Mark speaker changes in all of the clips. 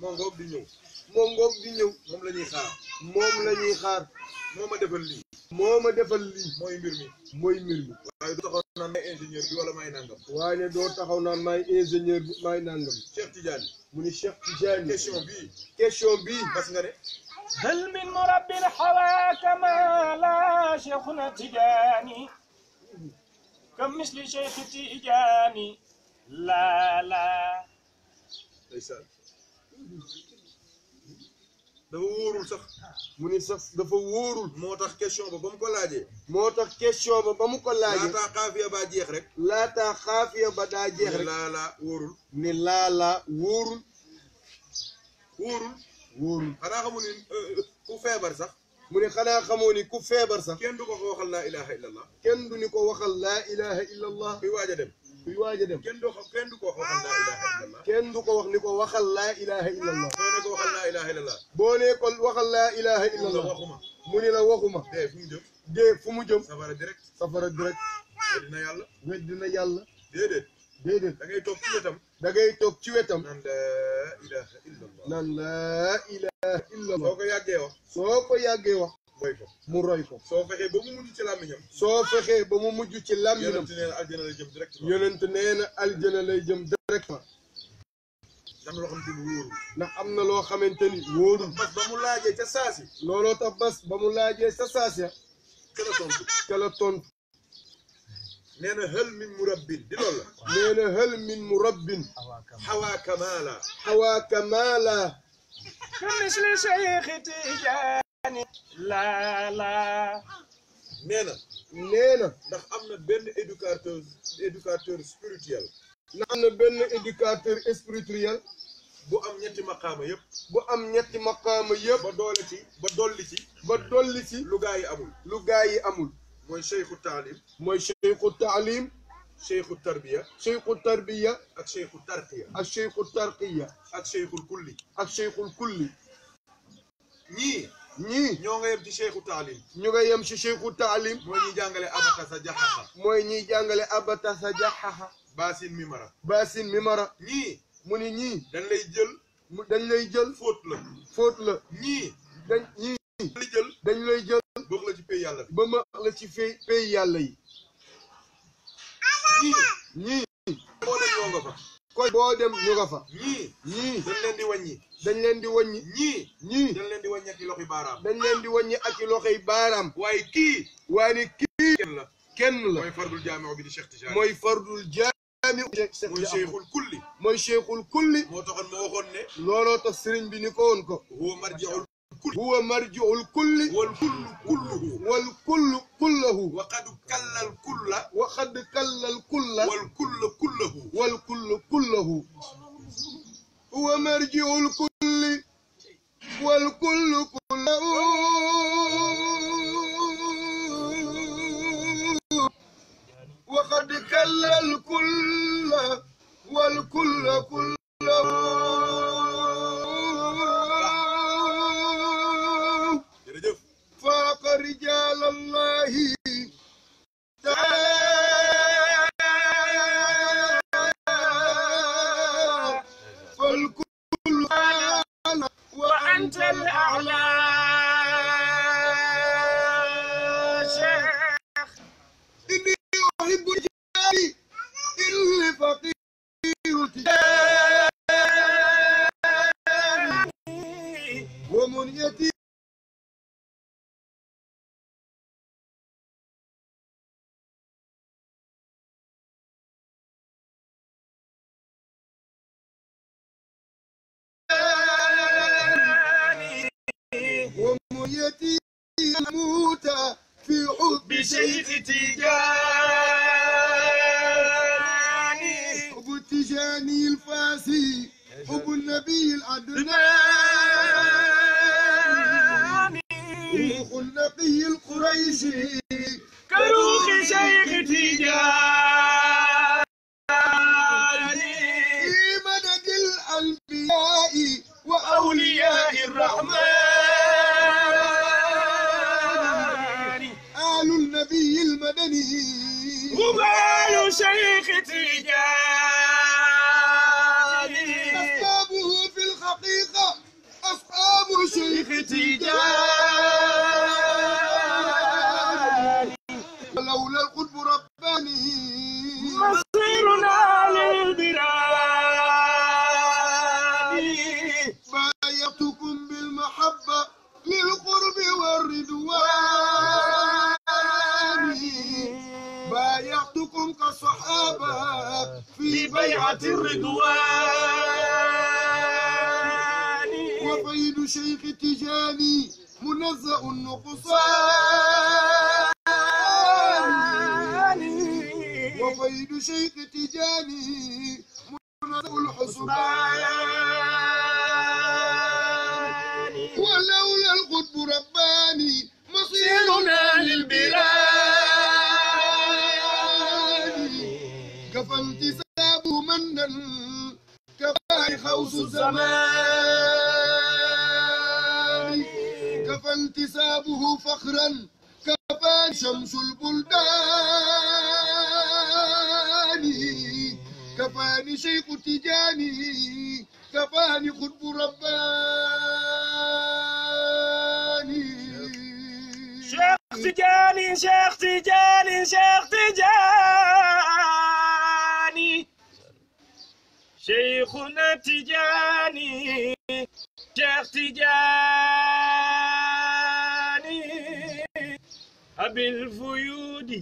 Speaker 1: moo ngoog di ñëw moo ngoog di moom la ñuy xaar moom la ñuy xaar moo ma defal lii moo ma defal lii mooy mbir mi mooy mbir mi waaye doo taxaw naan may ingénieur bi wala may nangam waaye ne doo taxaw naan may bi may nangam Cheikh Tidiane nga ne hal min murabbin hawaaka ma la Cheikhuna Tidiane kam misli Cheikh Tidiane la la dafa wóorul sax mu ni sax dafa wóorul moo tax question ba ba mu ko laajee moo tax question ba ba mu ko laajee laataa xaafiya ba jeex rek laataa xaafiya ba daa jeex rek ni laalaa wóorul ni laalaa wóorul wóorul wóorul xanaa xamu ni ku feebar sax mu ne xanaa xamoo ni ku feebar sax kenn du ko ko waxal laa ilaha illallah kenn du ni ko waxal laa ilaha illallah kuy waaj a dem kuy waaj a dem kenn du ko kenn du ko wax waxal laa ilaha illallah kenn du ko wax ni ko waxal laa ilaha illallah soo ne ko waxal laa ilaha illallah boo ne ko waxal laa ilaha illallah waxuma mu ni la waxuma dee fu mu jëm dee fu mu jëm safara direct safara direct weddina yàlla weddina yàlla déedéet déedéet da ngay toog ci wetam da ngay toog ci wetam naan laa ilaha illallah naan laa ilaha illallah soo ko yàggee wax soo ko yàggee wax mooy ko mu roy ko soo fexee ba mu mujj ci làmmiñam soo fexee ba mu mujj ci làmmiñam yonent nee na aljana lay jëm directement am loo xamante ni wóorul ndax am na loo xamante ni wóorul bas ba mu laajee ca saasi looloo tax bas ba mu laajee ca saasi ka la tontu ka la tontu nee na hël min murabbin di loolu la nee na hël min murabbin xawaa kamaala xawaa kamaala ka misli cheikh tijaan laa laa nee na nee na ndax am na benn éducateur éducateur spirituel ndax am na benn éducateur spirituel bu am ñetti maqaama yëpp bu am ñetti maqaama yëpp ba doole ci ba dolli lu gaa yi amul lu gaa yi amul mooy cheikhu taalim mooy cheikhu taalim cheikhu tarbiya cheikhu tarbiya ak cheikhu tarqiya ak cheikhu tarqiya ak cheikhul kulli kulli ñii ñii ñoo nga yem ci cheikhu taalim ñu nga yem ci cheikhu taalim mooy ñiy jàngale abatasa jaxaxa mooy ñiy jàngale abatasa jaxaxa baasin mi mara baasin mi mara ñii mu ni ñii dañ lay jël dañ lay jël fóot la fóot dañ ñii dañ lay jël dañ lay la ci pay yàlla ba ma la ci yi ñii ñii koy boo dem ñu nga fa. ñii ñii dañ leen di wàññi. dañ leen di wàññi. ñii ñii dañ leen di wàññi ak i loxoy baaraam. dañ leen di wàññi ak i loxoy baaraam. waaye kii. waaye ni kii. kenn la kenn la mooy fardul jaamiu bi di Cheikh Tidiane. mooy fardul jaamiu. mooy cheikhul kulli. mooy cheikhul kulli. moo taxoon ma waxoon ne. looloo tax sëriñ bi ni ko woon ko. هو مرجع الكل والكل كله والكل كله وقد كل الكل وقد كل الكل والكل كله والكل كله هو مرجع الكل والكل كله إني
Speaker 2: ومنيتي ومنيتي الموتى في حب شيخ تيجاني
Speaker 1: حب تيجاني الفاسي حب النبي العدناني روح النقي القريشي كروخ شيخ تيجاني في مدد الأنبياء وأولياء الرحمن المدني ومال شيخ تيجاني أصحابه في الحقيقة أصحاب شيخ تيجاني بيعة الرضوان وفيل شيخ تجاني منزأ النقصان وفيل شيخ تجاني منزأ الحسبان ولولا القطب رباني حسابه فخرا كفى شمس البلدان كفاني شيخ تجاني كفاني خطب رباني شيخ تجاني شيخ تجاني شيخ تجاني شيخنا تجاني شيخ تجاني بالفيود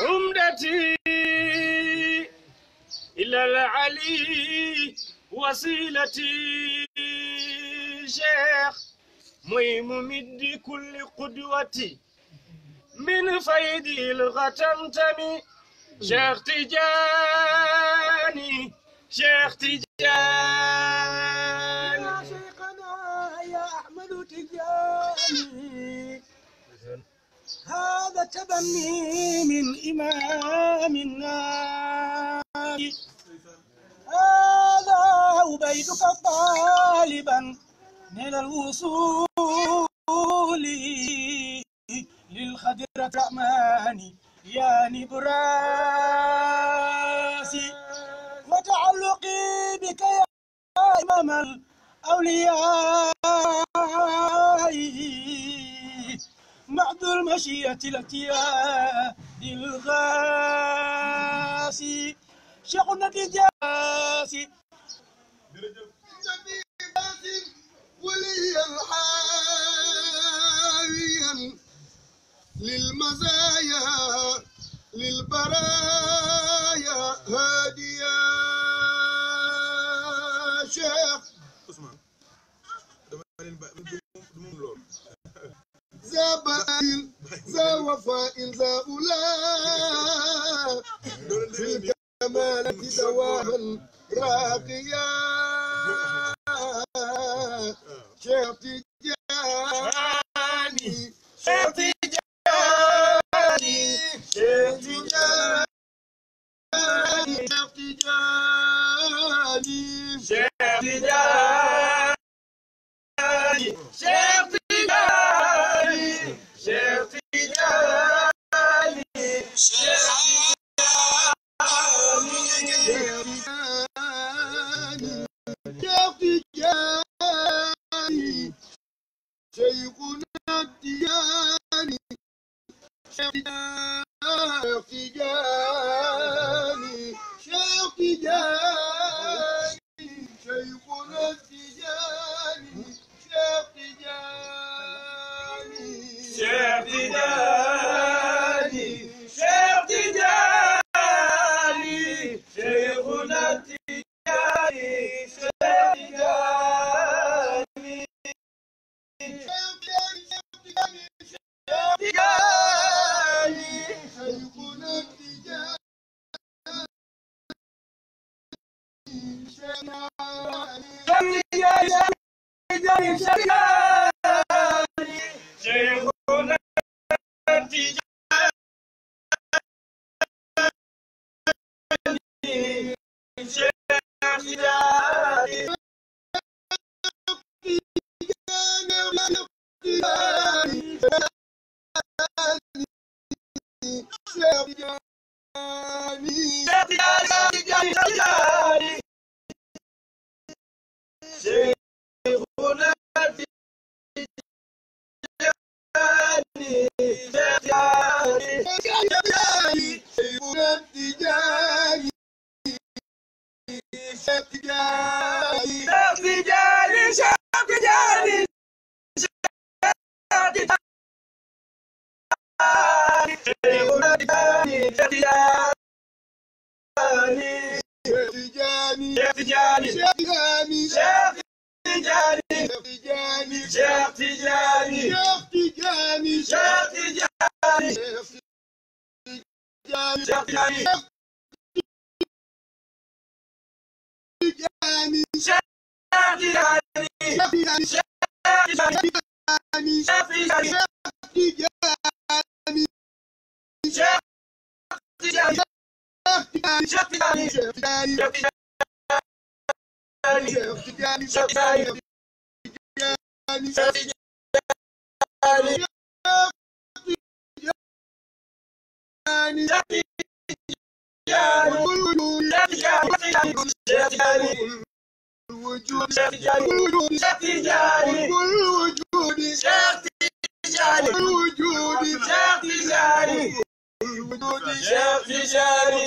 Speaker 1: عمدتي إلى العلي وسيلتي شيخ ميممد كل قدوتي من فيدي الغتمتمي شيخ تجاني شيخ تجاني يا شيخنا يا أحمد تجاني هذا تبني من إمام النار هذا أبيدك طالبا من الوصول للخدرة الرحمن يا نبراسي وتعلقي بك يا إمام الأولياء معذور مشية الاتياء للغاسي شيخ جاسي وليا
Speaker 2: حاويا
Speaker 1: للمزايا للبرايا هاديا ذا بائل ذا وفائل ذا أولاء في الكمال دواها راقيا شيخ
Speaker 2: تجاني شيخ
Speaker 1: شيخنا الدياني شيخ تجاني شيخ تجاني شيخنا الدياني شيخ تجاني شيخ تجاني شيخ تجاني
Speaker 2: شيخنا Tijani. Ṣé Tijani ṣé Tijani. Ṣé ìkúná Tijani ṣé Tijani. Ṣé Tijani ṣé Tijani.
Speaker 1: تجاني شيخ تجاني شيخ تجاني شيخ
Speaker 2: تجاني شيخ تجاني شيخ تجاني شيخ تجاني شيخ تجاني تجاني شيخ تجاني شيخ تجاني شيخ تجاني شيخ تجاني شيخ تجاني Tijani, Tijani, Tijani, Tijani, الوجود شيخ تجاري كل وجود شيخ تجاري كل وجود شيخ تجاري
Speaker 1: كل وجود شيخ تجاري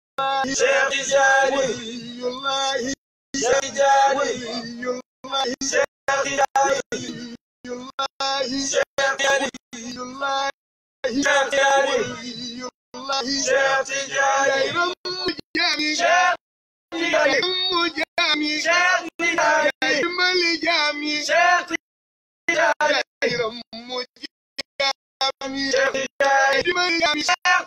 Speaker 2: شيخ تجاري ولي الله شيخ تجاري ولي الله شيخ تجاري ولي
Speaker 1: الله شيخ تجاري ولي الله شيخ تجاري ولي الله شيخ تجاري رم جامي شيخ تجاري رم جامي شيخ تجاري مل جامي شيخ تجاري رم جامي شيخ تجاري مل جامي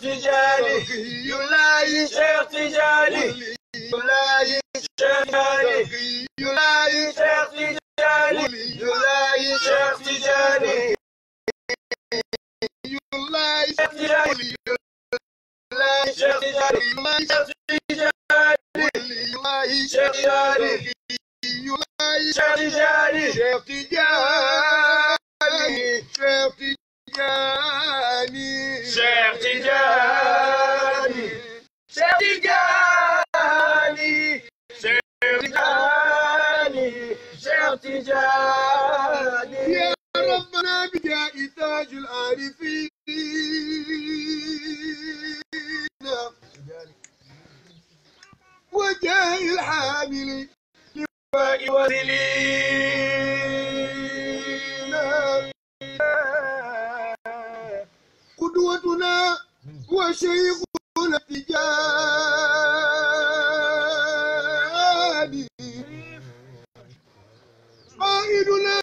Speaker 1: تجاني يلاي شيخ تجاني يلاي شيخ تجاني يلاي شيخ تجاني
Speaker 2: يلاي شيخ تجاني يلاي شيخ تجاني يلاي شيخ تجاني يلاي شيخ تجاني
Speaker 1: يلاي شيخ تجاني يلاي شيخ تجاني شيخ تجاني شيخ تجاني شيخ تجاني شيخ تجاني شيخ تجاني شيخ تجاني يا ربنا بجاء تاج العارفين وجاء الحامل لواء وذليل وشيخ التجاني قائدنا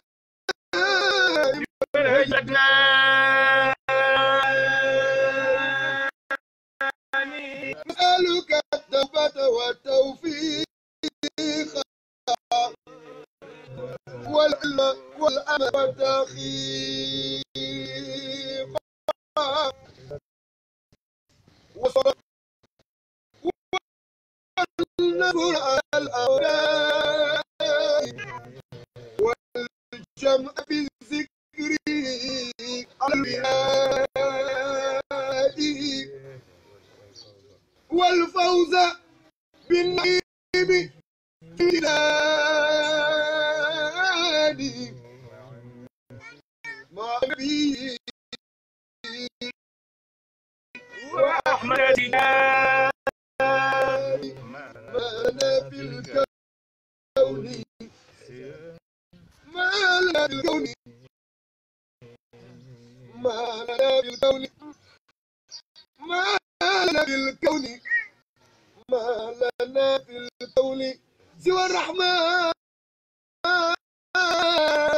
Speaker 1: نسألك التوبة والتوفيق
Speaker 2: والعلم والأمل والتخير وصل والنبر الأولى
Speaker 1: والجمع بالذكر الرهائي والفوز بالنعيم بلادي ما فيه
Speaker 2: رحمتك ما في الكون ما لنا في الكون ما لنا في الكون ما لنا في الكون ما لنا في الكون سوى الرحمن